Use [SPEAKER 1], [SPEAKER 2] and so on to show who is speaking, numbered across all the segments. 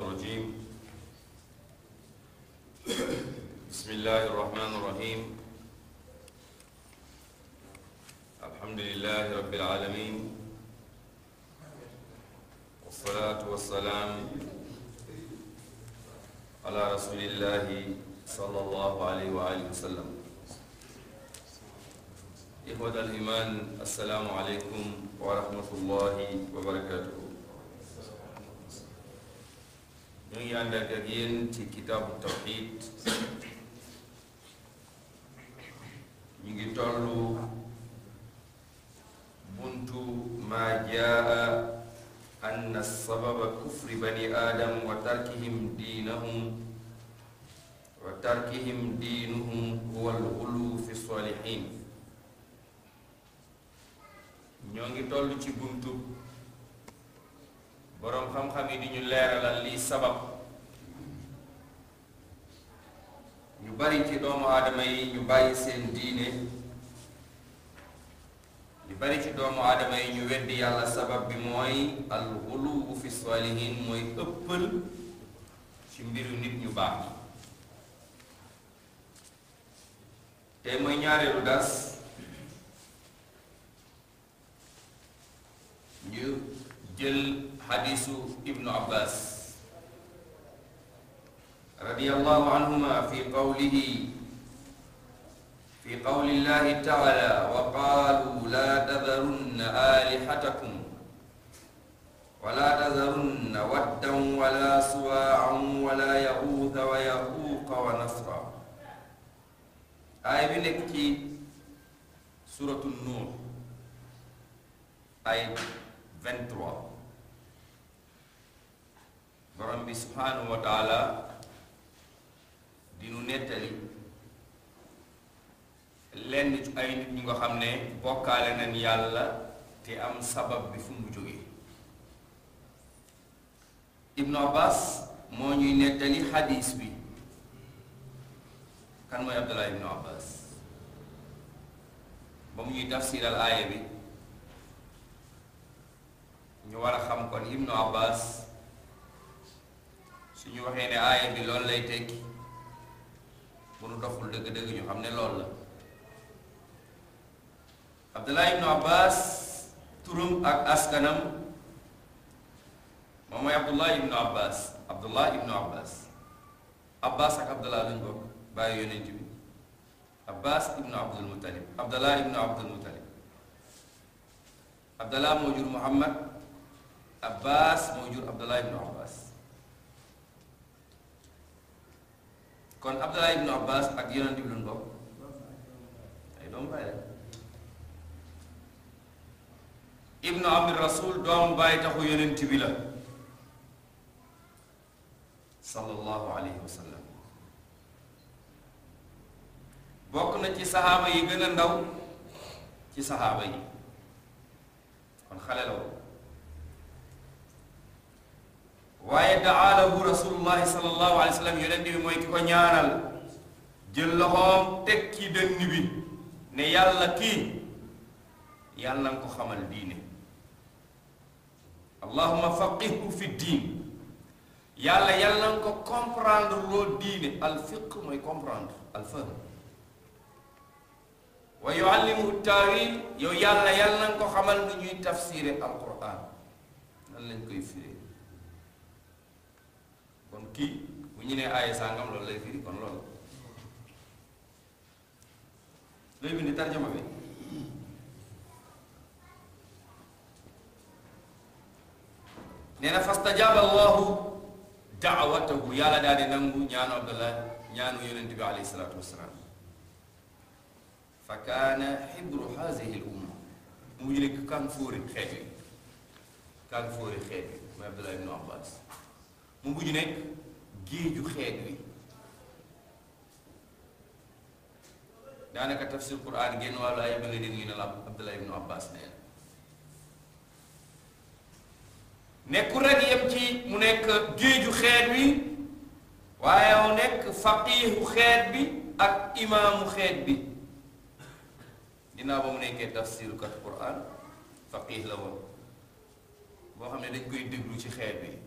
[SPEAKER 1] الرجيم بسم الله الرحمن الرحيم الحمد لله رب العالمين والصلاة والسلام على رسول الله صلى الله عليه وآله وسلم إخوة الإيمان السلام عليكم ورحمة الله وبركاته ñu ngi ànd ak ci kitaabu tawxid ñu ngi tollu buntu maa jaa anna sababa kufri bani aadam wa tarkihim diinahum wa huwa alxulu fi salihin ñoo ngi toll ci buntu boroom xam-xam yi di ñu leeralal lii sabab ñu bari ci doomu aadama yi ñu bàyyi seen diine ñu bari ci doomu aadama yi ñu weddi yàlla sabab bi mooy al xuluwu fi saalihin mooy ëppal ci mbiru nit ñu baax tey mooy ñaareelu das hadisu ibnu abbas radiyallahu anhuma fi qawlihi fi qawli llahi taala wa qaalu laa tazarunna aalihatakum wa laa tazarunna waddan wala suwaacan wala yaquuta wa yaquuqa wa nasra aay bi nekk ci suratu nuur ay 23 borom bi subhaanahu wa taala nettali lenn ay nit ñu nga xam ne bokkaale nañ yàlla te am sabab bi fu mu jógee ibnu abbas moo ñuy nettali xadiis bi kan mooy abdullah ibnu abbas ba mu ñuy tafsiral aaya bi ñu war a xam kon ibnu abbas suñu waxee ne aaya bi loolu lay tekki bu nu doxul dëgg-dëgg ñu xam ne loolu la Abdullah ibnu Abbas turam ak askanam moom mooy Abdullah ibnu Abbas Abdullah ibnu Abbas Abbas ak Abdullah lañ bokk bàyyi yonent bi Abbas ibnu Abdul Abdullah ibnu Abdul kon Abdallah ibnu Abbas ak yonent bi luñ bokk ay doomu baay la ibnu amir rasul doomu baay taxu yonent bi la sallallahu alayhi wa sallam bokk na ci saxaaba yi gën a ndaw ci saxaaba yi kon xale la waaye daalahu rasulullahi sallallahu alayhi wa sallam yonent bi mooy ki ko ñaanal jël loxoom teg ci dënn bi ne yàlla kii yàlla nga ko xamal diine allahuma faqihhu fi diin yàlla yàlla nga ko comprendre loo diine al mooy comprendre al fahm wa yuallimuhu taawil yow yàlla yàlla nga ko xamal nu ñuy tafsire al quran nan lañ koy firee kon kii bu ñu nee aaye sàngam loolu lay firi kon loolu looy bind tarjama bi nee na fastajaaba allahu daawatahu yàlla daal nangu ñaanu abdallah ñaanu yonente bi alayhi salaatu fa kaana xibru haasihi l umma mu mujj kan fóori xeet kan fóori xeet yi mooy abdallah ibnu abbas mu mujj nekk géeju xeet wi daanaka tafsir quran genn wàllu ay ba nga dégg ñu ne la Abdullah ibnu Abbas nee
[SPEAKER 2] nekkul rek yem ci mu nekk géeju
[SPEAKER 1] xeet wi waaye mu nekk faqiihu xeet bi ak imaamu xeet bi dinaa ba mu nekkee tafsirukat quran faqih la woon boo xam ne dañ koy déglu ci xeet bi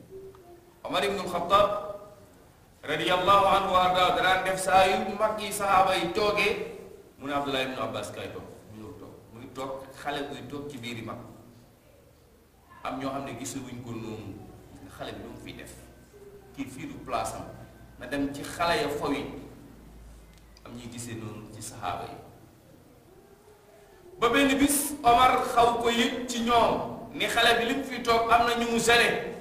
[SPEAKER 1] Omar ibnul Xattaab radiyallahu anhu wa ardaa danaan def saa yu mag yi saxaaba yi toogee mu ne Abdullah ibnu Abbas kay toog mu ñëw toog toog xale buy toog ci biiri mag am ñoo xam ne gisuwuñ ko xale bi lu mu fi def kii fii du place na dem ci xale ya fowi am ñuy gisee noonu ci saxaaba yi ba benn bis Omar xaw ko yëg ci ñoom ni xale bi li mu fi toog am na ñu mu sene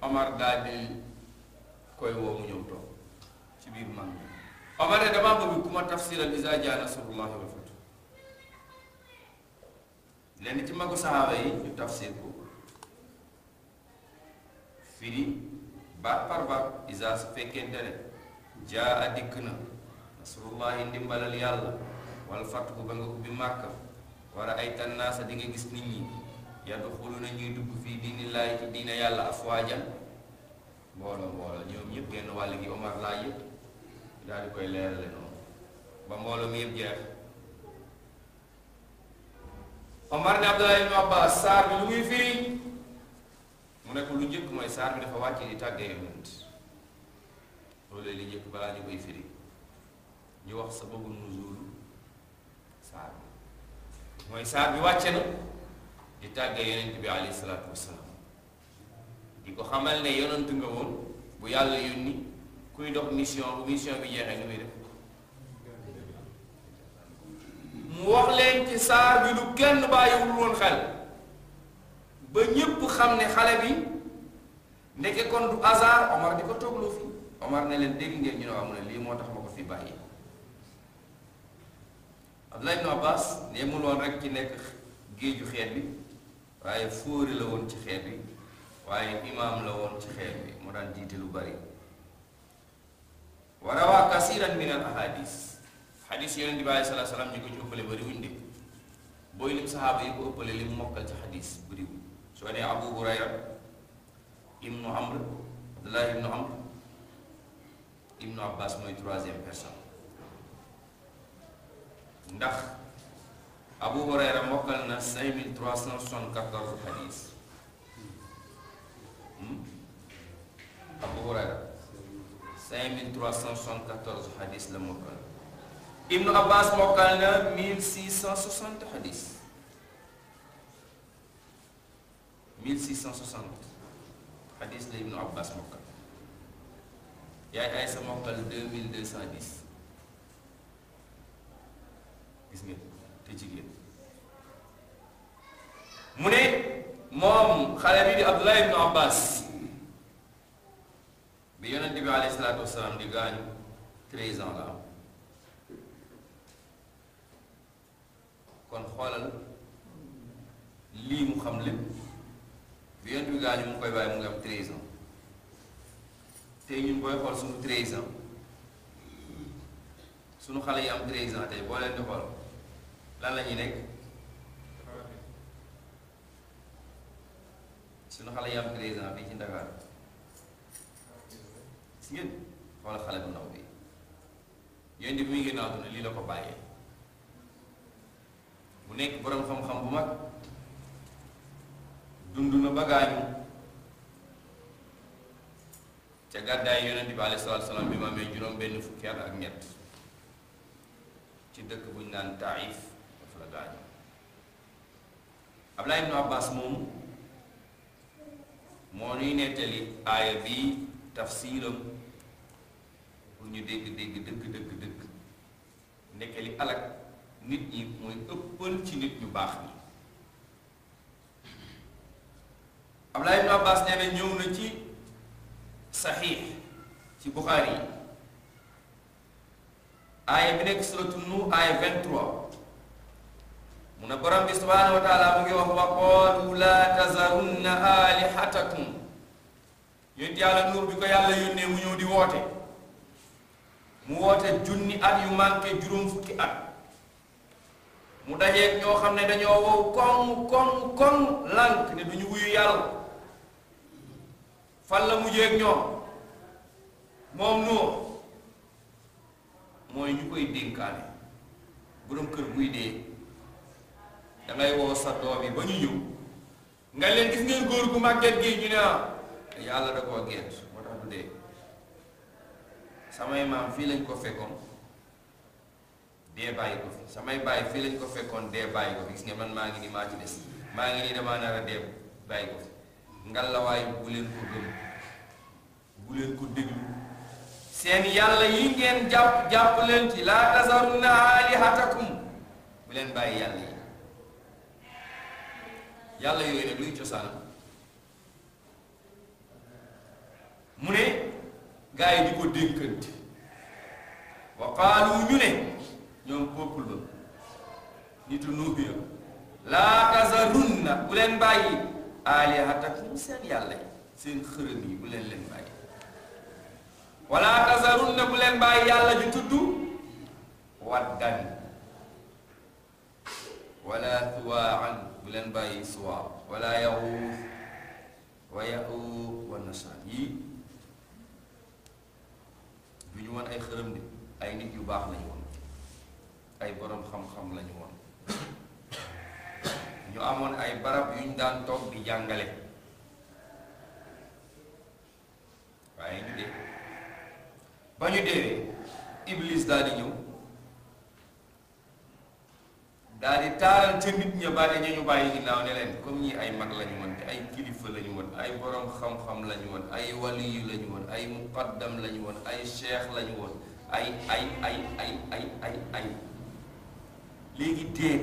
[SPEAKER 1] Omar daal di koy woo mu ñëw toog ci biir man mi Omar ne damaa tafsiral izaa jaa nasrullaahi wal fath lenn ci magu saxaaba yi ñu tafsir ko firi baat par baat izaa su fekkente jaa a dikk na nasrullaahi ndimbalal yàlla wal fath ba nga ubbi màkka war ay tannaasa di gis nit ñi yadxuluuna ñuy dugg fii diinillaahi ci diina yàlla afwaajan mbooloo mbooloo ñoom ñëpp genn wàll gi Omar laa yëpp daal di koy leerale noonu ba mbooloo mi jeex Omar ne Abdullah ibn Abbas saar bi lu muy firi mu ne lu njëkk mooy saar bi dafa wàcc di tàggee loolu li njëkk balaa ñu koy firi ñu wax sababu nuzul saar bi mooy saar bi wàcce na di tàggee yonent bi alayhi salaatu wasalaam di ko xamal ne yonent nga woon bu yàlla yónni kuy dox mission mission bi jeexee nu muy def mu wax leen ci saar bi lu kenn bàyyiwul woon xel ba ñépp xam ne xale bi ndeke kon du hasard Omar di ko toogloo fi Omar ne leen dégg ngeen ñu ne amu ne lii moo tax ma ko fi bàyyi Abdullah ibn Abbas ne yemul woon rek ci nekk géeju xeet bi waaye fóori la woon ci xeet bi waaye imaam la woon ci xeet bi moo daan jiite lu bari wa rawaa kasiran min al ahadis xadis yonent bi aleyhi salaatu salaam ñu ko ci ëppale bariwuñ de booy lim saxaaba yi ko ëppale lim mokkal ci xadis bariwul soo nee abu hurayra ibnu amr abdullah ibnu amr ibnu abbas mooy troisième personne ndax Abu Hurayra mokkal na 5374 xadis hmm? Abu Hurayra 5374 xadis la mokkal Ibnu Abbas mokkal na 1660 xadis 1660 xadis la Ibnu Abbas mokkal yaay ay sa mokkal 2210 gis ngeen ci jigéen mu ne moom xale bi di Abdullah ibnu Abbas bi yonent bi alayhi salaatu wasalaam di gaañu treize ans la am kon xoolal lii mu xam lépp bi yonent bi gaañu mu koy bàyyi mu ngi am treize ans tey ñun booy xool suñu treize ans suñu xale yi am treize ans tey boo leen di xool lan la ñuy nekk suñu xale yi am treize ans ci Ndakaar si ngeen xoola xale bu ndaw bi yooyu ndi bi muy génn àdduna lii la ko bàyyee mu nekk boroom xam-xam bu mag dund na ba gaañu ca gàddaay yonent bi alayhi salaam bi ma amee juróom benn fukki ak ñett ci dëkk buñ daan naan la gaañu Ablaye ibnu Abbas moomu moo ñuy nettali aaya bi tafsiiram pour ñu dégg dégg dëgg dëgg dëgg ndekke li alak nit ñi mooy ëppal ci nit ñu baax ñi Ablaye ibnu Abbas nee na ñëw na ci saxiix ci Buxaari yi aaya bi nekk suratu nu aaya 23 mu ne borom bi subhanahu mu ngi wax wa qaalu laa tazarunna alihatakum yonent yàlla nuur bi ko yàlla yónnee mu ñëw di woote mu woote junni at yu manqué juróom fukki at mu dajeeg ñoo xam ne dañoo wow koŋ koŋ koŋ lànk ne duñu wuyu yàlla fan la mujjeeg ñoom moom nuur mooy ñu koy dénkaane borom kër buy dee dangay woo sa doom yi ba ñu ñëw nga leen gis ngeen góor gu màgget gi ñu ne ah yàlla da koo gént moo tax du dee samay maam fii lañ ko fekkoon dee bàyyi ko fi samay bàyyi fii lañ ko fekkoon dee bàyyi ko fi gis nga man maa ngi ni maa ci des maa ngi ni damaa nar dee bàyyi ko fi ngalawaay bu leen ko gëm bu leen ko déglu seen yàlla yi ngeen jàpp jàpp leen ci laa tasarunna alihatakum bu leen bàyyi yàlla yi yàlla yooyu nag luy cosaanam mu ne gaa yi di ko dénkante wa qaalu ñu ne ñoom peuple ba a nuubi ya laa tazarunna bu leen bàyyi alihatakum seen yàlla yi seen xërëm yi bu leen leen bàyyi wala tazarunna bu leen bàyyi yàlla ju tudd waddan wala tuwaan bu leen bàyyi suwaa wala yaxuuf wa yaxuuf wa nasaan yii du ñu woon ay xërëm de ay nit yu baax lañu woon ay boroom xam-xam lañu woon ñu amoon ay barab yu ñu daan toog di jàngale waaye ñu dee ba ñu deewee iblis daal di ñëw daal di taaral ca
[SPEAKER 2] nit ña bàyyi ña
[SPEAKER 1] ñu bàyyi ginnaaw ne leen comme ñi ay mag lañu woon te ay kilifa lañu woon ay borom xam-xam lañu woon ay waliyu lañu woon ay muqaddam lañu woon ay cheikh lañu woon ay ay ay ay ay léegi dee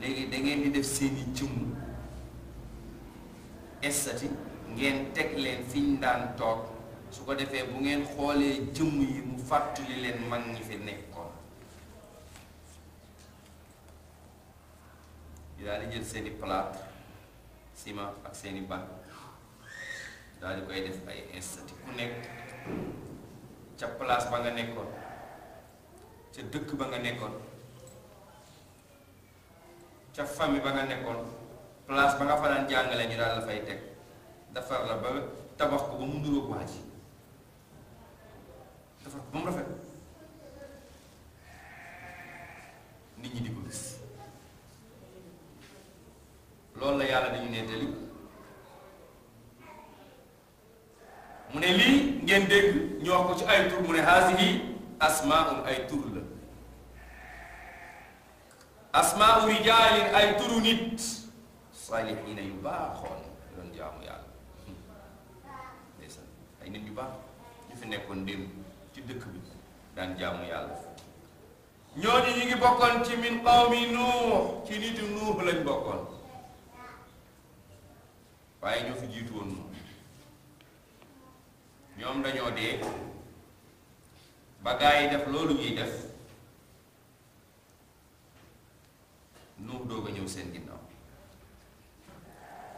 [SPEAKER 1] nañ léegi da di def seeni jëmm estati ngeen teg leen fi ñu daan toog su ko defee bu ngeen xoolee jëmm yi mu fàttali leen mag ñi fi nekkoon ñu daal di jël seeni i plâtre ak seeni i banc daal di koy def ay institut ku nekk ca place ba nga nekkoon ca dëkk ba nga nekkoon ca famille ba nga nekkoon place ba nga fa daan jàngale ñu daal la fay teg defar la ba tabax ko ba mu nduróog defar ba mu rafet nit ñi di ko gis loolu la yàlla dañu nettali mu ne lii ngeen dégg ñu ko ci ay tur mu ne haasihi asmaun ay tur la asmaau rijaalin ay turu nit saalihiina yu baaxoon doon jaamu yàlla ay nit yu baax ñu fi nekkoon démb ci dëkk bi daan jaamu yàlla ñooñu ñu ngi bokkoon ci min qawmi nuux ci nitu nuux lañ bokkoon waaye ñoo fi jiitu woon moom ñoom dañoo dee ba def loolu ñuy def nuux doog a ñëw seen ginnaaw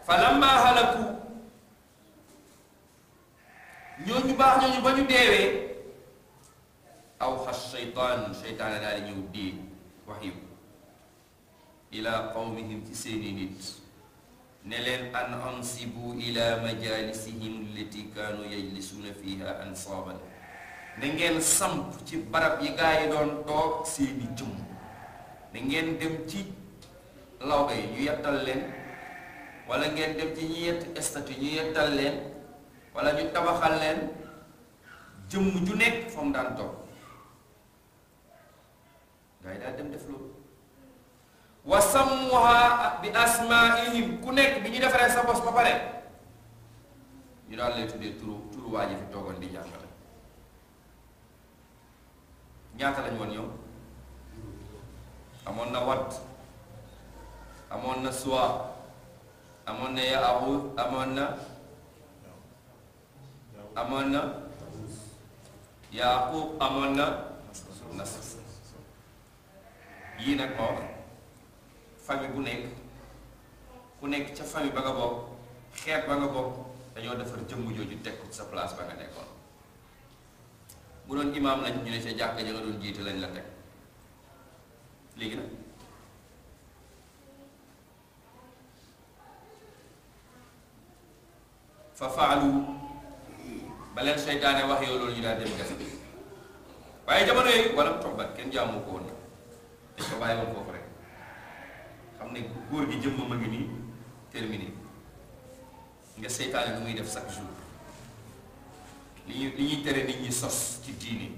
[SPEAKER 1] fa lammaa halaku ñooñu baax ñooñu ba ñu deewee aw xas seytaanu seytaane daal di ñëw dee wax ila qawmihim ci seeni nit ne leen an ansibu ila majalisihim allati kaanu yajlisuuna fiha ansaaban na ngeen samp ci barab yi gaa yi doon toog seeni jëmm na ngeen dem ci lawbe yi ñu yettal leen wala ngeen dem ci ñi yett ñu yettal leen wala ñu tabaxal leen jëmm ju nekk fa mu daan toog gaa yi daal dem def loolu wa sammuha bi asmaihim ku nekk bi ñu defaree sa bos ba pare ñu daal lay tuddee turu turu waa ji fi toogoon di jàngale ñaata lañ woon yow amoon na wat amoon na suwa amoon na yaaxuut amoon na amoon na yaaxuub amoon na nas yii nag ma wax famille bu nekk ku nekk ca famille ba nga bokk xeet ba nga bokk dañoo defar jëmm jooju teg ko sa place ba nga nekkoon bu doon imaam lañ la teg léegi nag fa faalu ba wax yow loolu ñu daal dem gas waaye jamono yooyu wala mu toog ba kenn jaamu ko woon dañ ko bàyyi woon foofu xam ne góor gi jëmmam a ngi nii terminé nga seytaane lu muy def chaque jour li ñuy li tere nit ñi sos ci diini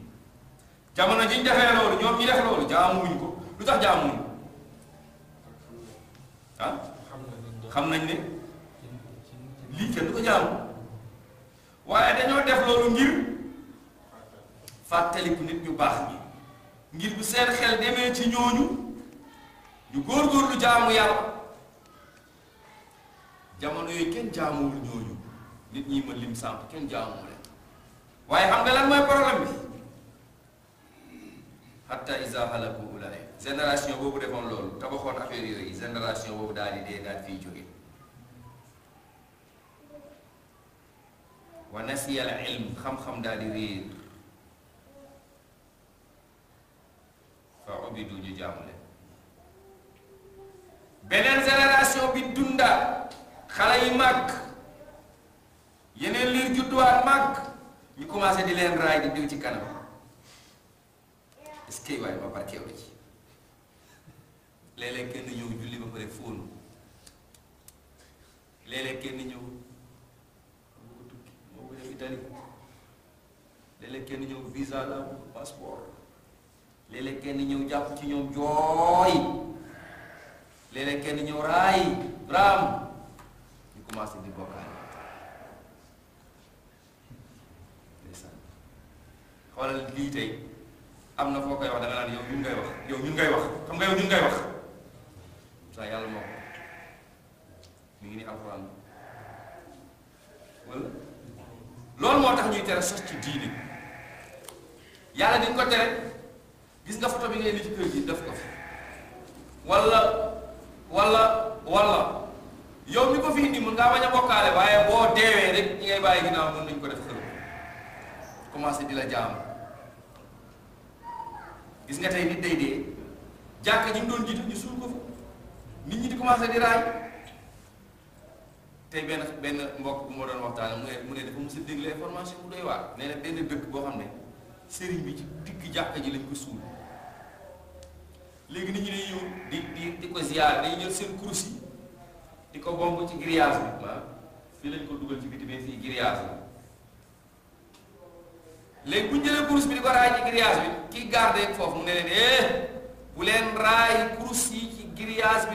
[SPEAKER 1] jamono ji ñu defee loolu ñoom ñi def loolu jaamuwuñ ko lu tax jaamuwuñ ah xam nañ ne lii kenn du ko jaamu waaye dañoo def loolu ngir fàttaliku nit ñu baax ngi ngir bu seen xel demee ci ñooñu ñu góorgóorlu jaamu yàlla jamono yooyu kenn jaamuwul ñooñu nit ñi ma lim sàmp kenn jaamuwul leen waaye xam nga lan mooy problème bi hatta isa halaku ulaay génération boobu defoon loolu tabaxoon affaire yooyu génération boobu daal dee daal fiy jóge wa nasiya ilm xam-xam daal di réer fa ubidu ñu jaamu beneen génération bi dundaat xale yi màgg yeneen liir judduwaat màgg ñu commencé di leen raay di diw ci kanam est-ce que waaye ma ci léeg kenn ñëw julli ba pare fóonu léeg kenn ñëw moo kenn ñëw visa la passeport léeg kenn ñëw jàpp ci ñoom jooy leneen léeg kenn ñëw raay raam ñu commencé di bokkaale ndeysaan xoolal lii tey am na foo koy wax da nga naan yow ñun ngay wax yow ñun ngay wax xam nga yow ñun ngay wax saa yàlla moo ko mi ngi ni alxuraan wala loolu moo tax ñuy tere sos ci diini yàlla ni ko tere gis nga photo bi ngay ni ci kër gi def ko fi wala wala wala yow mi ko fi indi mën ngaa bañ a bokkaale waaye boo deewee rek ñi ngay bàyyi ginnaaw mën nañu ko def xel commencé di la jaamu gis nga tey nit day dee jàkk ji mu doon jiitu ñu suul ko fa nit ñi di commencé di raay tey benn benn mbokk bu ma doon waxtaanee mu ne mu ne dafa mos a déglu information bu doy waar nee na benn dëkk boo xam ne sëriñ bi ci digg jàkk ji lañ ko suul. léegi nit ñi dañuy ñëw di di di ko ziar dañuy jël seen kurus yi di ko bomb ci grillage bi ma fii lañ ko dugal ci biti bi fii grillage bi léegi bu ñu jëlee kurus bi di ko raay ci grillage bi garde foofu mu ne leen eh bu bi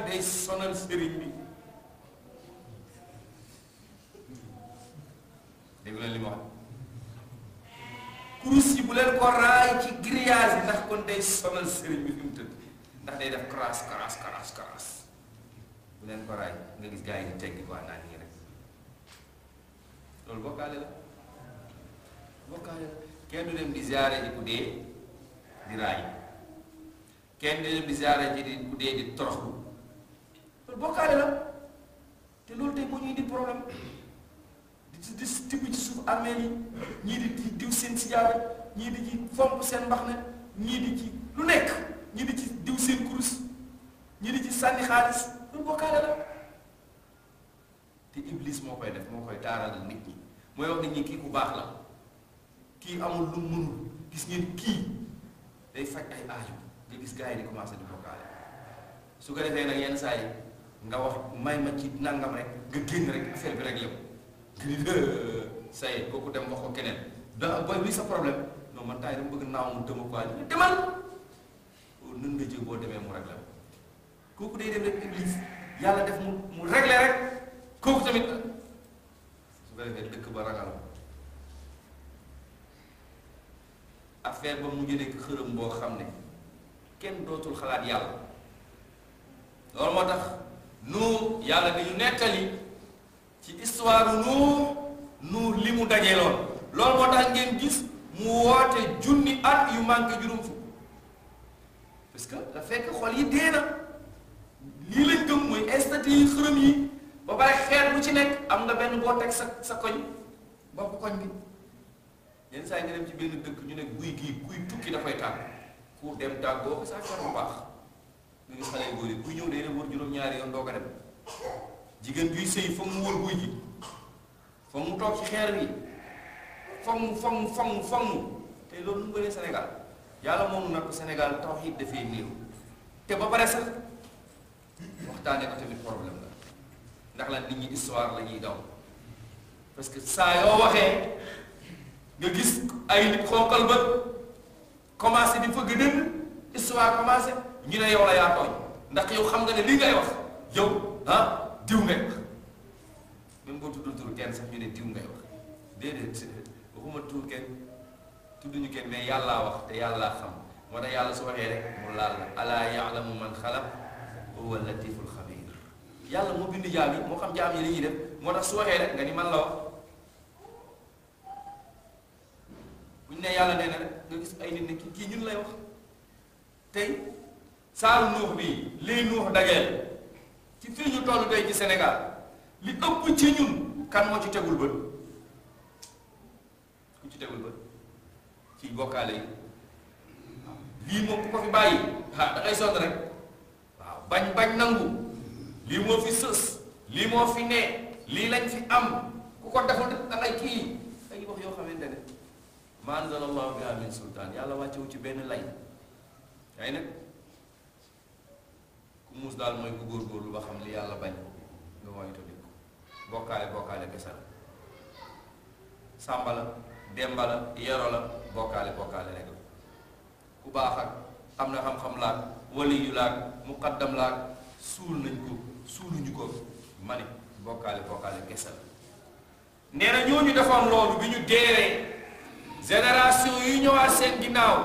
[SPEAKER 1] day sonal sëriñ bi dégg leen li ma wax yi bu leen ko raay ci grillage bi ndax kon day sonal sëriñ bi fi tëdd ndax day def crasse crasse bu leen ko raay nga gis gars yi di teggi ko naan nii rek loolu bokkaale la bokkaale la kenn du dem di ziare ji ku dee di raay kenn du dem di ziare ji di ku dee di toroxlu loolu bokkaale la te loolu tey moo ñuy di problème di di tibb ci suuf armeel yi ñii di diw seen sijaaba ñii di ci fomp seen mbax na ñii di ci lu nekk ñi di ci diw seen kurus ñi di ci sànni xaalis lu bokkaale la te iblis moo koy def moo koy taaralal nit ñi mooy wax nit ñi kii ku baax la kii amul lu mënul gis ngeen kii day faj ay aaju nga gis gars yi di commencé di bokkaale su ko defee nag yenn saa yi nga wax may ma ci nangam rek nga génn rek affaire bi rek yow nga ni kooku dem wax ko keneen da sa problème non man taay dama bëgg naaw mu dëma quoi demal nun nga jiw boo demee mu réglé kooku day dem rek église yàlla def mu mu réglé rek kooku tamit su ko defee dëkk ba ragal affaire ba mu ngi nekk xërëm boo xam ne kenn dootul xalaat yàlla loolu moo tax nu yàlla dañu nettali ci histoire nu nu li mu dajeeloon loolu moo tax ngeen gis mu woote junni at yu manqué juróom parce que la xol yi dee lii lañ gëm mooy estati yi xërëm yi ba pare xeet bu ci nekk am nga benn boo teg sa sa koñ bopp koñ bi yenn saa yi nga dem ci benn dëkk ñu nekk guy gii guy tukki dafay tàgg ku dem tàggoo saa ko baax nga gis xale yu góor yi ñëw day dem wër juróom-ñaari yoon doo ko dem jigéen guy sëy foog mu wër guy gi foog mu toog ci xeer yi foog mu foog mu foog mu foog mu te loolu mu bëree Sénégal yàlla moom nag Sénégal tawxiid dafay néew te ba pare sax waxtaane ko tamit problème la ndax la nit ñi histoire la daw parce que saa yoo waxee nga gis ay nit xonqal ba commencé di fëgg dënn histoire commencé ñu ne yow la yaa ndax yow xam nga ne lii ngay wax yow ah diw ngay wax même boo tuddul turu kenn sax ñu ne diw ngay wax déedéet waxuma turu kenn ñu kenn yàlla yàllaa wax te yàllaa xam moo tax yàlla su waxee rek mu laal la alaa yaalamu man xalaq huwa latiful xabiir yàlla moo bind jaam yi moo xam jaam yi li ñuy def moo tax su waxee rek nga ni man la wax bu ñu ne yàlla nee rek nga gis ay nit ne kii ñun lay wax tey saaru nuux bii lii nuux dageel ci fii ñu toll tey ci Sénégal li ëpp ci ñun kan ci tegul bët ci tegul bët ci bokkaale yi lii moom ku ko fi bàyyi ah da sonn rek waaw bañ bañ nangu lii moo fi sës
[SPEAKER 2] lii moo fi ne
[SPEAKER 1] lii lañ fi am ku ko deful da ngay kii ay wax yoo xamante ne ma anzala allahu biha min sultaan yàlla wàccewu ci benn lay ay nag ku muus daal mooy ku góorgóorlu ba xam li yàlla bañ nga moytu di bokkaale bokkaale kese sàmba la demba la yero la bokkaale bokkaale rek ku baax ak am na xam-xam laag waliyu laag muqaddam laag suul nañ ko suuluñu ko mani bokkaale bokkaale gesal nee na ñooñu defoon loolu bi ñu deewee génération yu ñëwaat seen ginnaaw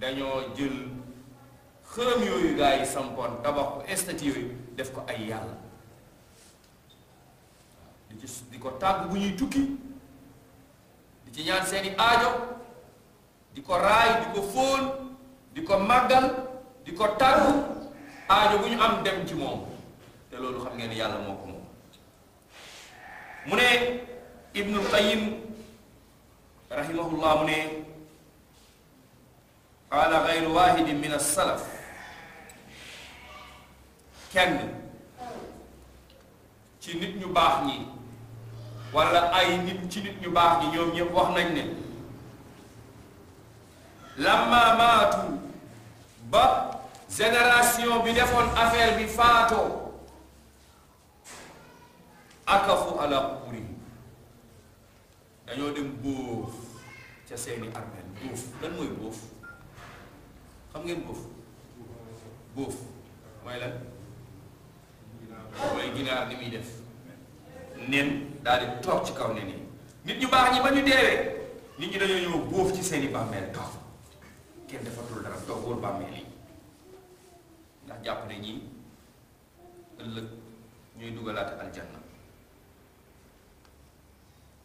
[SPEAKER 1] dañoo jël xërëm yooyu gaa yi sampoon tabax ko statue yooyu def ko ay yàlla di ci di ko tàgg bu ñuy tukki di ci ñaan seeni aajo di ko raay di ko fóon di ko màggal di ko tàggu aajo bu ñu am dem ci moom te loolu xam ngeen yàlla moo ko moom mu ne ibnul qayim rahimahullah mu ne qaala gayru wahidin min as-salaf kenn ci nit ñu baax ñi wala ay nit ci nit ñu baax ñi ñoom ñëpp wax nañ ne lamma ba génération bi defoon affaire bi faatoo akafu ala quburi dañoo dem bóof ca seeni armeel bóof lan mooy bóof xam ngeen bóof bóof mooy lan mooy ginaar ni muy def nen daal di toog ci kaw ne nii nit ñu baax ñi ba ñu deewee nit ñi dañoo ñëw bóof ci seeni bàmmeel toog kenn defatul dara toog wóor bàmmeel yi ndax jàpp ne ñii ëllëg ñuy dugalaate aljanna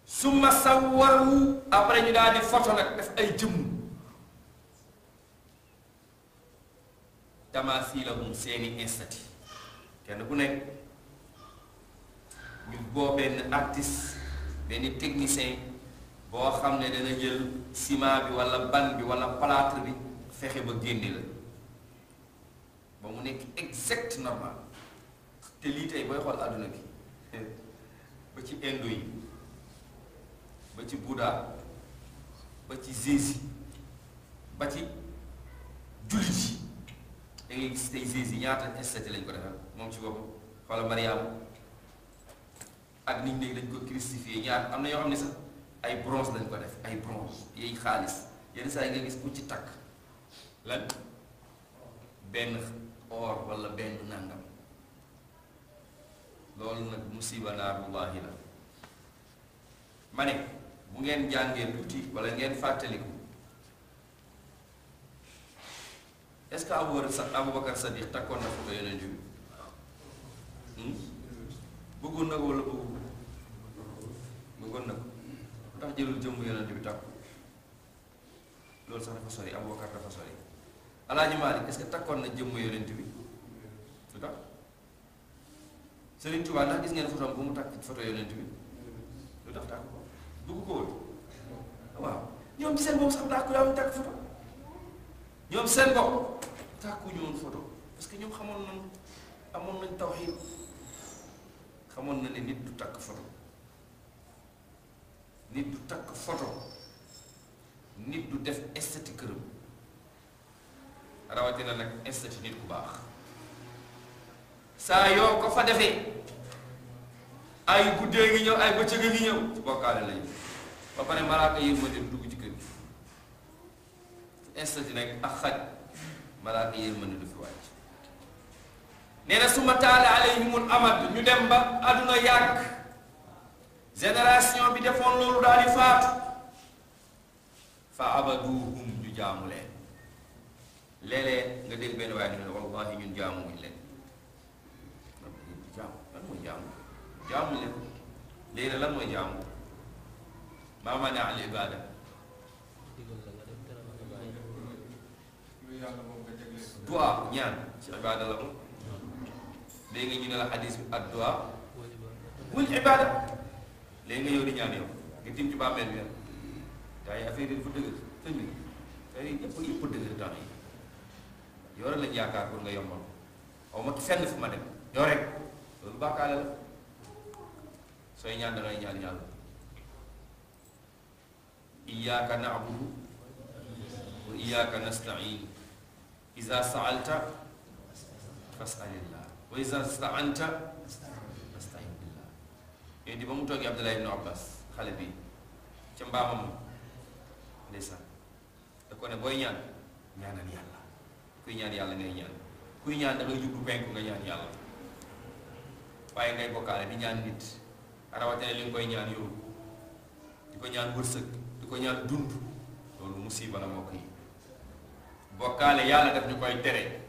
[SPEAKER 1] summa sawwaru après ñu daal di foto nag def ay jëmm tamasilahum seeni instati kenn ku nekk ñu boo benn artiste benn technicien boo xam ne dana jël ciment bi walla ban bi walla plâtre bi fexe ba génne la ba mu nekk exact normal te lii tey booy xool àdduna bi ba ci indo yi ba ci Bouddha ba ci Jésus ba ci jullit yi da ngay gis tey Jésus ñaata statue lañ ko defal moom ci boppam xoola Mariama ak niñ léegi lañ ko crucifié ñaar am na yoo xam ne sax ay bronze lañ ko def ay bronze yey xaalis yenn saa nga gis ku ci takk lan benn or wala benn nangam loolu nag musiba naarullahi la ma ne bu ngeen jàngee tuuti wala ngeen fàttaliku est-ce que Aboubacar sa Aboubacar takkoon na fa ko yeneen bi hmm? bëggoon na ko wala bëggoon na ko lu tax jëlul jëmm yonent bi takk loolu sax dafa sori Abubakar dafa sori Alaaji Maalik est takkoon na jëmm yonent bi lu tax Sëriñ Tuubaa ndax gis ngeen photo bu mu takk photo yonent bi lu tax takk ko bëgg ko waaw ñoom seen bopp sax dàkku yaa takk photo ñoom seen bopp tàkku ñu woon photo parce que ñoom xamoon nañ amoon nañ tawhiid xamoon na ne nit du takk photo nit du takk photo nit du def esthétique këram rawatina nag esthétique nit ku baax saa yoo ko fa defee ay guddee ngi ñëw ay bëccëg ngi ñëw ci bokkaale lay ba pare malaaka yërmande du dugg ci kër gi esthétique nag ak xaj malaaka yërmande du fi wàcc nee na su ma taale alayhimul ñu dem ba àdduna yàgg génération bi defoon loolu daal di faatu fa abaduhum ñu jaamu leen léeg nga dégg benn waaye ñu ne wallahi ñun jaamuwuñ leen jaamu lan mooy jaamu jaamu leen léegi nag ibaada duwaa ñaan ci ibaada la moom léegi ñu ne la xadis bi ak duwaa wul ibaada léegi nga ñëw di ñaan yow nga tim ci bàmmeel bi gaa yi affaire yi dafa dëgg sëñ bi affaire yi ñëpp yëpp dëgg temps yi yow rek dem yow rek loolu bàkkaale la sooy ñaan da ngay ñaan yàlla iyyaka na'budu wa iyyaka nasta'in iza sa'alta fas'alillah wa iza sta'anta yooyu ba mu toogee Abdullah ibnu Abbas xale bi ca mbaamam ndeysaan da ko ne booy ñaan ñaanal yàlla kuy ñaan yàlla ngay ñaan kuy ñaan da ngay jublu nga ñaan yàlla waaye ngay bokkaale di ñaan nit rawatina li nga koy ñaan yow di ko ñaan wërsëg di ko ñaan dund loolu musiba la mbokk yi bokkaale yàlla daf ñu koy tere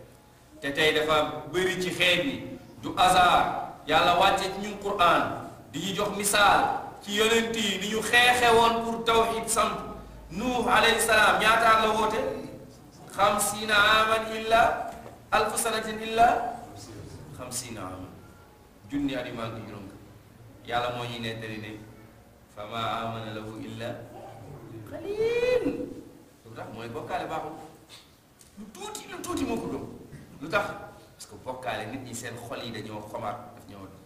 [SPEAKER 1] te tey dafa bëri ci xeet bi du hasard yàlla wàcce ci ñun Qur'an li ñu jox misaal ci yonent yi ni ñu xeexe woon pour tawxid sant nuux alayhi salaam ñaataan la woote xamsiina aman illa alfu sanatin illa xamsiina aman junni at yu juróom yàlla moo ñuy nettali ne fa ma amana lahu illa qalil lu tax mooy bokkaale baaxul lu tuuti lu tuuti moo ko doom lu tax parce que bokkaale nit ñi seen xol yi dañoo xomaat daf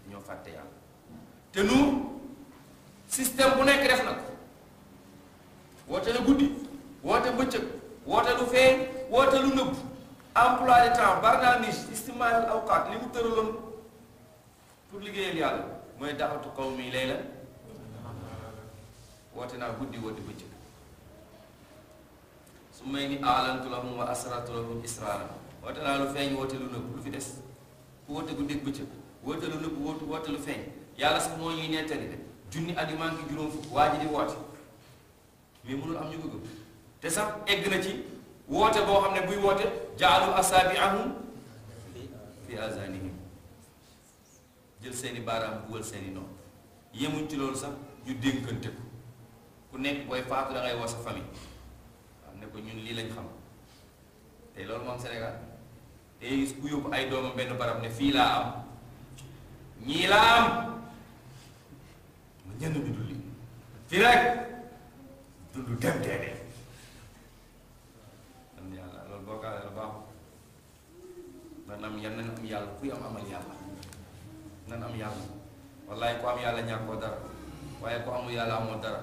[SPEAKER 1] ñoo fàtte yàlla te nu système bu nekk def na ko woote na guddi woote bëccëg woote lu feeñ woote lu nëbb emploi du temps barnaamij istimaal awqaat li mu tëraloon pour liggéeyal yàlla mooy daxatu kaw mi lay la woote naa guddi woote bëccëg su may ni aalantu lahum wa asrartu lahum israara woote naa lu feeñ woote lu nëbb lu fi des ku woote guddi bëccëg woote lu nëbb woote lu feeñ yàlla sax moo ñuy nettali de junni at yu manqué juróom fukk waa ji di woote mais mënul am ñu ko gëm te sax egg na ci woote boo xam ne buy woote jaalu asaabiahum fi azanihim jël seeni baaraam dugal seeni noon yemuñ ci loolu sax ñu dénkante ko ku nekk booy faatu da ngay woo sa famille ne ko ñun lii lañ xam te loolu moom Sénégal te ku yóbbu ay doomam benn barab ne fii laa am ñii laa am ñenn ñu dul lii fii rek dundu dem dee dee am yàlla loolu boo kaale la baaxul nan am nan am yàlla kuy am amal yàlla nan am yàlla wallaay ku am yàlla ñàkkoo dara waaye ku amul yàlla amoo dara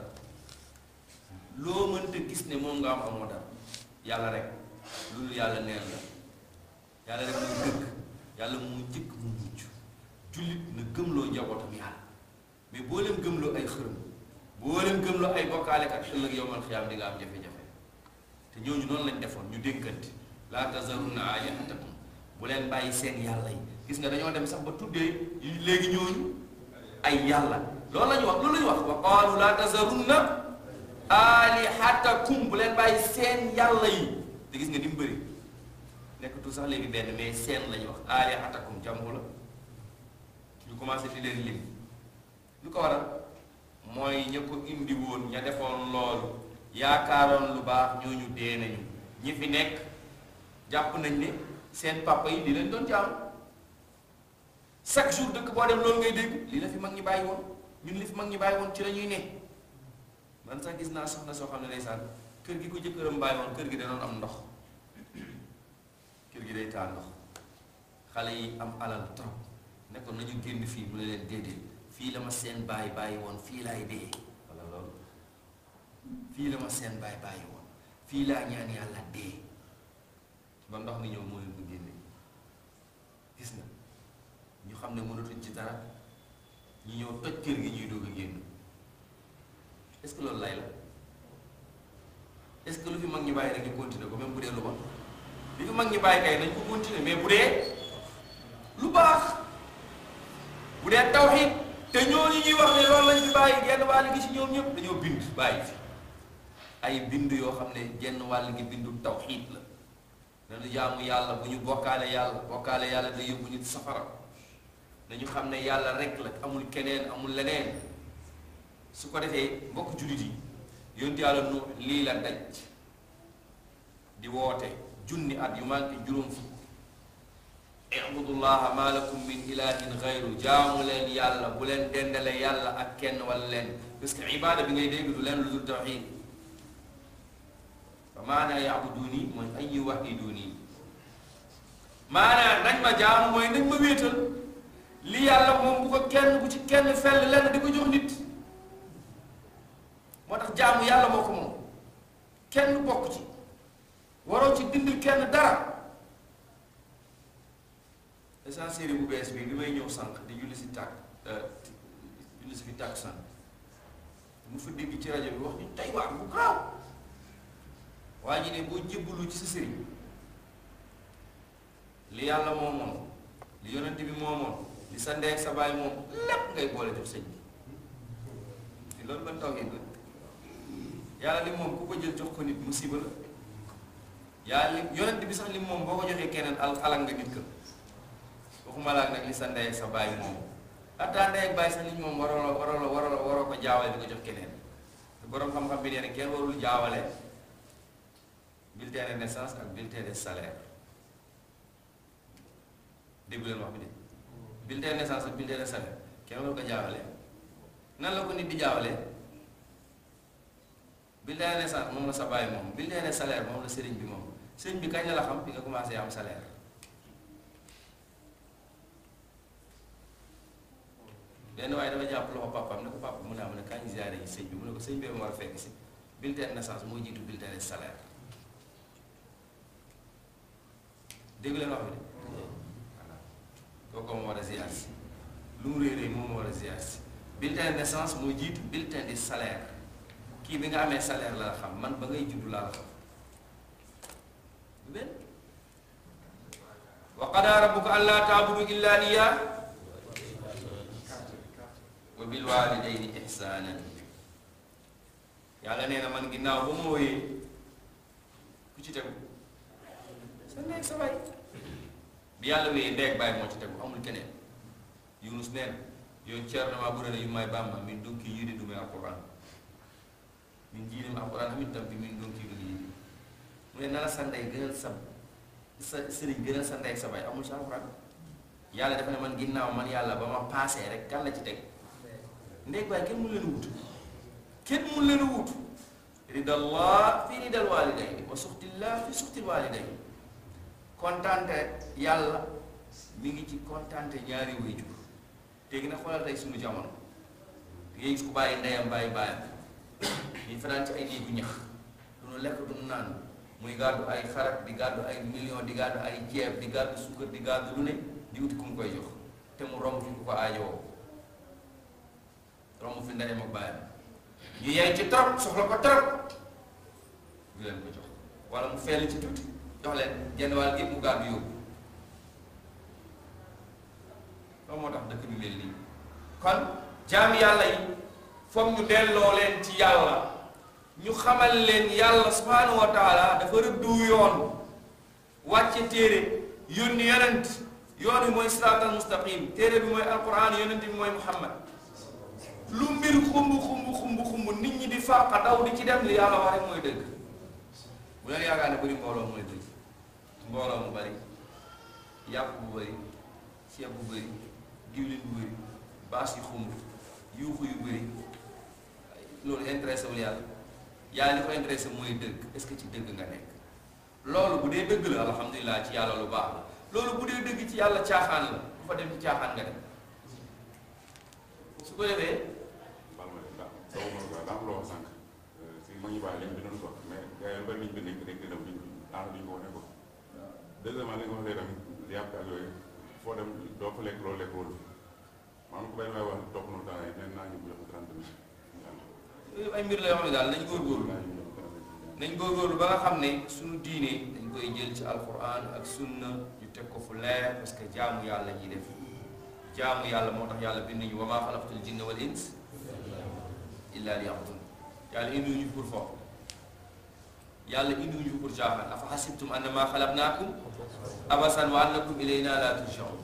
[SPEAKER 1] loo mënta gis ne moom nga am amoo dara yàlla rek loolu yàlla neen la yàlla rek muy dëkk yàlla mu jëkk mu mujj jullit na gëmloo njabootam yàlla mais boo leen gëmloo ay xërëm boo leen gëmloo ay bokkaalekat ëllëg yowmal xiyaam di nga am jafe-jafe te ñooñu noonu lañ defoon ñu dénkante laa tazarunna aalihatakum bu leen bàyyi seen gis nga dañoo dem sax ba léegi ñooñu ay yàlla loolu la ñu wax loolu la ñu wax wa qaalu laa tazarunna bu leen bàyyi seen yàlla yi te gis nga ni mu bëri nekkatu sax léegi benn mais seen la ñu wax aalihatakum jàmbu la ñu commencé fi leen lim lu ko waral mooy ña ko indi woon ña defoon loolu yaakaaroon lu baax ñooñu dee nañu ñi fi nekk jàpp nañ ne seen papa yi li leen doon jaamu chaque jour dëkk boo dem loolu ngay dégg li la fi mag ñi bàyyi woon ñun li fi mag ñi bàyyi woon ci lañuy ñuy ne man sax gis naa soxna soo xam ne ndeysaan kër gi ko jëkkëram bàyyi woon kër gi danoon am ndox kër gi day taa ndox xale yi am alal trop nekkoon nañu génn fii mu ne leen déedéet fii la ma seen bàyyi bàyyi woon fii laay dee wala loolu fii la ma seen bàyyi bàyyi woon fii laa ñaan yàlla dee ba ndox mi ñëw mooy mu génne gis na ñu xam ne mënatuñ ci dara ñu ñëw toj kër gi ñuy doog a génn est loolu lay la est-ce que lu fi mag ñi bàyyi rek ñu continuer bu dee lu baax li fi mag ñu bàyyi kay nañ ko continuer mais bu dee lu baax bu dee tawxiid te ñooñu ñuy wax ne loolu lañ fi bàyyi genn wàll gi ci ñoom ñëpp dañoo bind bàyyi fi ay bind yoo xam ne genn wàll ngi bindu tawxiid la nañu jaamu yàlla bu ñu bokkaale yàlla bokkaale yàlla da yóbbu ñu safara nañu xam ne yàlla rek la amul keneen amul leneen su ko defee mbokk jullit yi yonent yàlla nu lii la daj di woote junni at yu manqué juróom fukk ibudullaha ma lakum min ilahin gayru jaamu leen yàlla bu leen dendale yàlla ak kenn wala leen parce que ibaada bi ngay dégg du leen lu dul tawxid fa maanaa yaabuduuni mooy ay yuwahiduuni maanaa nañ ma jaamu mooy nañ ma li yàlla moom bu ko kenn bu ci kenn fell lenn di ko jox nit moo tax jaamu yàlla moo ko moom kenn bokk ci waroo ci dindil kenn dara te saa bu bees bi bi may ñëw sànq di julli si tàkk euh, julli si fi tàkk sànq mu fa dégg ci rajo bi wax ñu tey waar bu gaaw waa ji ne boo jébbalu ci sa li yàlla moo moom li yonent bi moo moom li sa ndey ak sa baay moom lépp ngay boole def sëñ bi loolu ban taw yi la yàlla li moom ku ko jël jox ko nit musiba la yàlla yonent bi sax li moom boo ko joxee keneen al alal nga nit ka waxuma laak nag li sa ndey ak sa baay moom ataa ndey ak baay sa nit moom waroo waroo waroo waroo ko jaawale di ko jox keneen borom xam-xam bi nee na kenn warul jaawale bulletin de naissance ak bulletin de salaire déglu leen wax bi de bulletin de naissance ak bulletin de salaire kenn warul ko jaawale nan la ko nit di jaawale bulletin de naissance moom la sa baay moom bulletin de salaire moom la sëriñ bi moom sëriñ bi kañ la la xam bi nga am salaire benn waaye dafa jàpp loxo papaam ne ko papa mu ne am ne kañ ziare yi sëñ bi mu ne ko sëñ bi ma war a fekk si bulletin de naissance moo jiitu bulletin de salaire dégg leen wax bi de voilà kooku moo war a ziar si lu mu réeré moom moo war a ziar si bulletin de naissance moo jiitu bulletin de salaire kii bi nga amee salaire la xam man ba ngay juddu laa la xam du benn wa qadaa rabbuka allaa taabudu illaa iyyaahu bil waalidayni ihsaanan yàlla nee man ginnaaw ba ma wooyee ku ci tegu sa neeg sa bi yàlla wooyee ndeeg baay moo ci tegu amul keneen yunus nee na yow ceer na maa bu ne yu may bàmma min dunki yii di du may alquran min jiilim alquran amit tam bi min dunki yi di mu ne na la sa ndey gënal sa sa sëriñ gënal sa ndey ak sa amul sa alquran yàlla dafa ne man ginnaaw man yàlla ba ma paasee rek kan la ci teg ndéeg baay kenn mun leen a wut kenn mun leen a wut ridallah fi ridal waliday wa suxtillah fi suxtil waliday kontante yàlla mi ngi ci kontante ñaari waajur léegi nag xoolal tey suñu jamono da ngay gis bàyyi ndeyam bàyyi baayam ñuy fanaan ci ay néegu ñax duñu lekk duñu naan muy gàddu ay xarak di gàddu ay million di gàddu ay ceeb di gàddu suukar di gàddu lu ne di wuti ku mu koy jox te mu romb ku ko aajowoo romb fi ndeyam ak ñu yey ci trop soxla ko trop ñu leen ko jox wala mu feel ci tuuti jox leen genn wàll gi mu gàddu yóbbu loolu moo tax dëkk bi mel nii kon jaam yàlla yi foog ñu delloo leen ci yàlla ñu xamal leen yàlla subhaanahu wa taala dafa rëddu yoon wàcce téere yónni yonent yoon bi mooy siraatal mustaqim téere bi mooy alquran yonent bi mooy muhammad lu mbir xumb xumb xumb xumb nit ñi di fàqa daw di ci dem li yàlla wax rek mooy dëgg bu leen yaakaar ne bëri mbooloo mooy dëgg mbooloo mu bëri yàpp bu bëri ceeb bu bëri diwlin bu bëri baas yu xumb yuuxu yu bëri loolu intéressé wul yàlla yàlla li ko mooy dëgg est-ce que ci dëgg nga nekk loolu bu dee dëgg la alhamdulilah ci yàlla lu baax la loolu bu dee dëgg ci yàlla caaxaan la bu fa dem ci caaxaan nga dem su ko defee taw ma quoi daa loo sànq euh, si ma ñu bàyyi lañ bindoon quoi mais gars yi bari nañ bind nañ ko dégg nañ duñ daanaka duñ ko wane quoi. deuxièmement li nga tamit yàpp ak foo dem doo fa lekk loolu lekk wóolu maanaam ku benn waay wax topp noonu ko trente ay mbir la yoo ne daal nañ góorgóorlu nañ góorgóorlu ba nga xam ne suñu diine dañ koy jël ci alquran ak sunna ñu teg ko fu leer parce que jaamu yàlla ñuy def jaamu yàlla moo tax yàlla bind ñu wa maa xalaqtul jinna wal illa liya'budun yàlla indiwuñu pour foofu yàlla indiwuñu pour caaxaan afa xasibtum annamaa xalaqnaakum abasan wa annakum ilaynaa laa turja'uun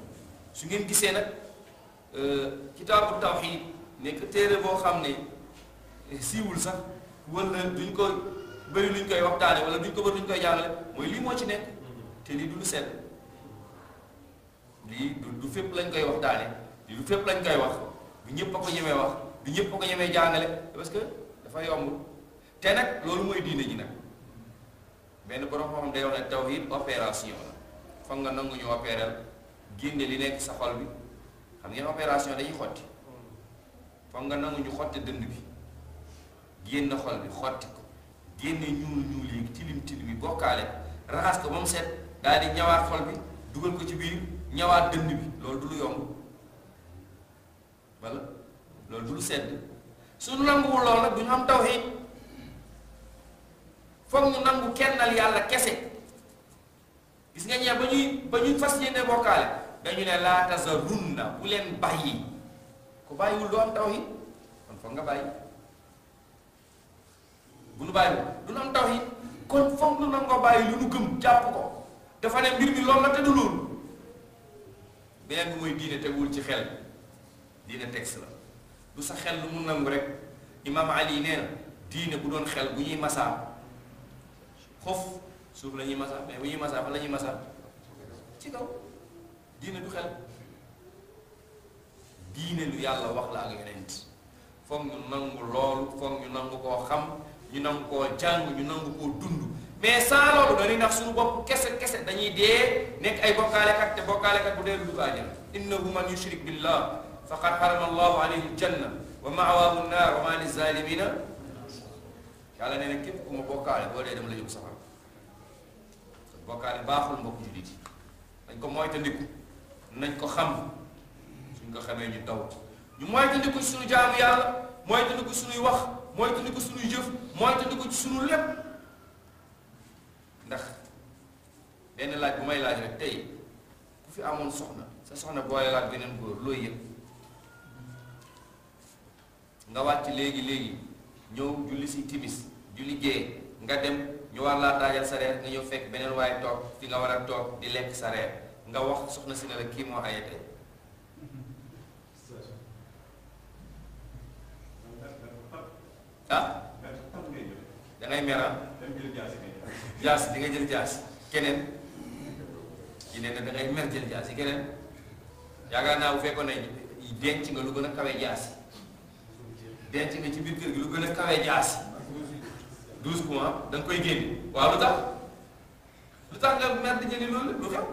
[SPEAKER 1] su ngeen gisee nag euh, kitaabu tawxiid nekk téere boo xam ne siiwul sax wala duñ ko bëri luñ koy waxtaane wala duñ ko bëri luñ koy jàngale mooy lii moo ci nekk te lii du lu sedd lii du du lañ koy waxtaane lii du fépp lañ koy wax bu ñëpp a ko ñemee wax du ñëpp ko ñemee jàngale parce que dafa yomb te nag loolu mooy diine ji nag benn borom xam day wax ne tawhid opération la foog nga nangu ñu opéral génne li nekk sa xol bi xam ngeen opération dañuy xotti foog nga nangu ñu xotti dënd bi génn xol bi xotti ko génne ñuul ñuul yi tilim tilim yi bokkaale raxas ko ba set daal di ñawaat xol bi dugal ko ci biir ñawaat dënd bi loolu du lu yomb walla loolu du lu sedd suñu nanguwul lool nag du ñu am tawxiid foog ñu nangu kennal yàlla kese gis nga ñee ba ñuy ba ñuy fas yéene bokkaale dañu ne laa tazarunna bu leen bàyyi ku bàyyiwul doo am tawxiid kon foog nga bàyyi bu nu bàyyiwul du nu am yi kon foog nu nangoo bàyyi lu nu gëm jàpp ko dafa ne mbir mi loolu la te du loolu beneen bi mooy diine teguwul ci xel diine texte la lu sa xel lu mu nangu rek imaam ali nee na diine bu doon xel bu ñuy masaa xof suuf la ñuy masaa mais bu ñuy masaa fa la ñuy masaa ci kaw diine du xel diine lu yàlla wax la ak yonent foog ñu nangu loolu foog ñu nangu koo xam ñu nangu koo jàng ñu nangu koo dund mais saa loolu dañuy nax suñu bopp kese kese dañuy dee nekk ay bokkaalekat te bokkaalekat bu dee lu dugg àjjana innahu man yushrik billah faqad harama allahu alayhi aljanna wa ma'waahu nnaar wa maa lizaalimiina yàlla nee na képp ku ma bokkaale boo dee dama la yóbbu safara bokkaale baaxul mbokk jullit yi nañ ko moytandiku nañ ko xam suñ ko xamee ñu daw ñu moytandiku ci suñu jaamu yàlla moytandiku suñuy wax moytandiku suñuy jëf moytandiku ci suñu lépp ndax benn laaj bu may laaj rek tey ku fi amoon soxna sa soxna boole laaj beneen góor looy yëpp nga wàcc léegi léegi ñëw julli si timis julli gée nga dem ñu war laa daajal sa reer nga ñëw fekk beneen waaye toog fi nga war a toog di lekk sa reer nga wax soxna si ne la kii moo aye tey ah dangay meram ah? jaas di nga jël jaas keneen yi ne da ngay mer jël jaas yi keneen yaakaar naa bu fekkoon ne denc nga lu gën a kawe jaas yi denc nga ci biir kër gi lu gën a kawee jaasi douze mois da nga koy génne waaw lu tax lu tax nga mer di jëli loolu lu xew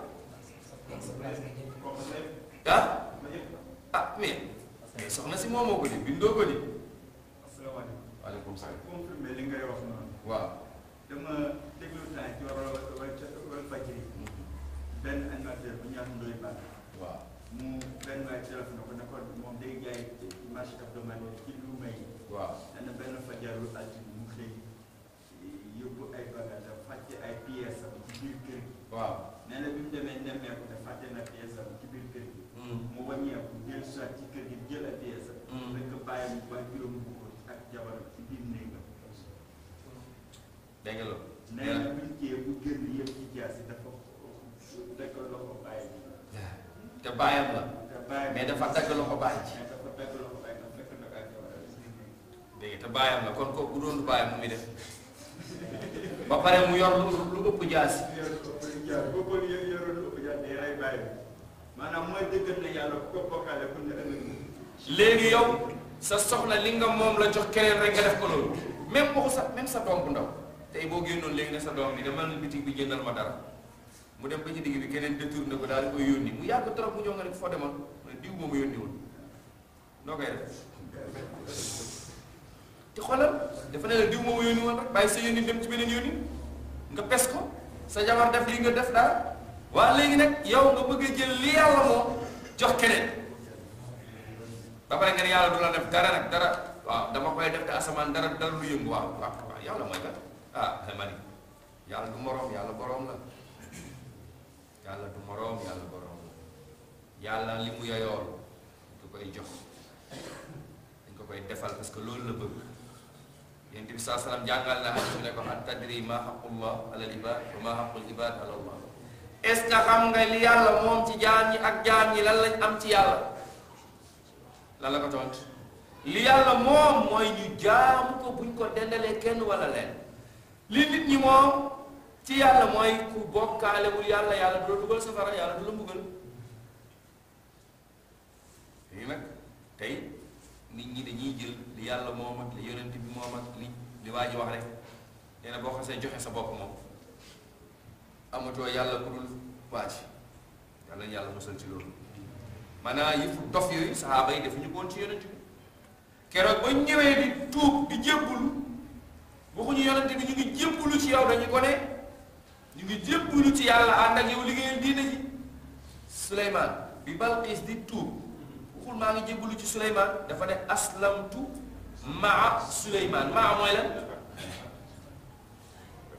[SPEAKER 1] ah ah mais soxna si moom moo ko di bindoo ko di waaleykum salaam confirmé li ngay wax noonu waaw dama déglu temps ci wala wala fajiri benn animateur bu ñaar ndoy baax waaw ko ne ko may. waaw nee na benn fajaru altine mu xëy yóbbu ay bagaasam fàtte ay pièces am ci biir kër waaw nee na bi mu demee nemmeeku te fàtte na pièces am ci biir kër gi. mu wàññeeku jël soit ci kër gi jël ay pièces am. Mm. fekk bàyyi mu bàyyi juróom bu góor ak jabaram ci biir néegam. dégg nga loolu. nee na bi mu jiyee bu génn yëpp ci jaasi dafa dëkk loxo bàyyi. te bàyyam la. te bàyyam mais dafa dagg loxo bàyyi. mais dafa dagg loxo. léegi te bàyyam la kon kooku bu doon bàyyam mu muy def pare mu yor lu ëpp jaas maanaam mooy dëggal na yàlla ko bokkaale léegi yow sa soxla li nga moom la jox keneen rek nga def ko loolu même waxu sax même sa doom bu ndaw tey boo génnoon léegi ne sa doom bi dama ne bitig bi jëndal ma dara mu dem ba ci digg bi keneen détourné ko daal di koy yónni mu yàgg trop mu ñëw nga ne foo demoon mu ne diw moomu yónni woon noo def te xoolal dafa ne la diw moom yónni woon rek bàyyi sa yónni dem ci beneen yónni nga pes ko sa jabar def lii nga def daal waa léegi nag yow nga bëgg a jël li yàlla moom jox keneen ba pare nga yàlla du la def dara nag dara waaw dama koy def te asamaan dara dara lu yëngu waaw waaw waaw yàlla mooy lan ah kay yàlla du moroom yàlla boroom la yàlla du moroom du koy jox dañ ko koy defal parce que loolu la bëgg yonent bi saa salaam jàngal na xadis bi ne ko hal tadri maa xaqullah alal ibaad wa maa xaqul ibaad alallah est xam nga li yàlla moom ci jaam ñi ak jaam ñi lan lañ am ci yàlla lan la ko tontu li yàlla moom mooy ñu jaamu ko buñ ko dendalee kenn wala leen li nit ñi moom ci yàlla mooy ku bokkaalewul yàlla yàlla du la dugal safara yàlla du la mbugal léegi nag tey nit ñi dañuy jël yàlla moom ak li yonent bi moom ak li li waa ji wax rek nee boo xasee joxe sa bopp moom amatoo yàlla ku dul waa yàlla na yàlla musal ci loolu maanaam yëfu dof yooyu saxaaba yi defuñu ko woon ci bi keroog ba ñëwee di ñu ngi jébbulu ci yow dañu ko ne ñu ngi jébbulu ci yàlla ànd ak yow liggéeyal diine ji Suleymaan bi Balqiis di tuub waxul maa ngi jébbulu ci Suleymaan dafa ne aslamtu maa Suleymaan maa mooy lan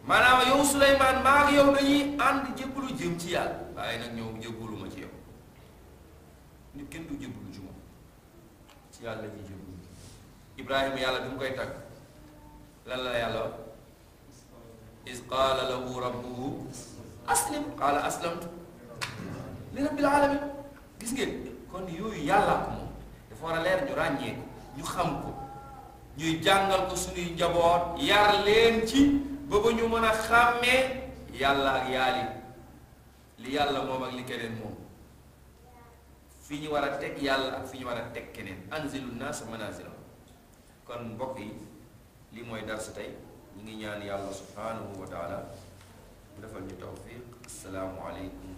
[SPEAKER 2] maanaam yow Suleymaan maa ak yow dañuy ànd jébbalu
[SPEAKER 1] jëm ci yàlla waaye nag ñëw jébbalu ma ci yow nit kenn du jébbalu ci moom ci yàlla ñuy jébbalu Ibrahima yàlla bi koy tàgg lan la yàlla wax is qaala lahu rabbuhu aslim qaala aslamtu li rabbil alamin gis ngeen kon yooyu yàllaa ko moom dafa war a leer ñu ràññee ko ñu xam ko ñuy jàngal ko suñuy njaboot yar leen ci ba ñu mën a xàmmee yàlla ak yaali li yàlla moom ak li keneen moom fi ñu war a teg yàlla ak fi ñu war a teg keneen anzilu naas manazilahum kon mbokk yi lii mooy darsu tey ñu ngi ñaan yàlla subhanahu wa taala defal ñu tawfiq asalaamu aleykum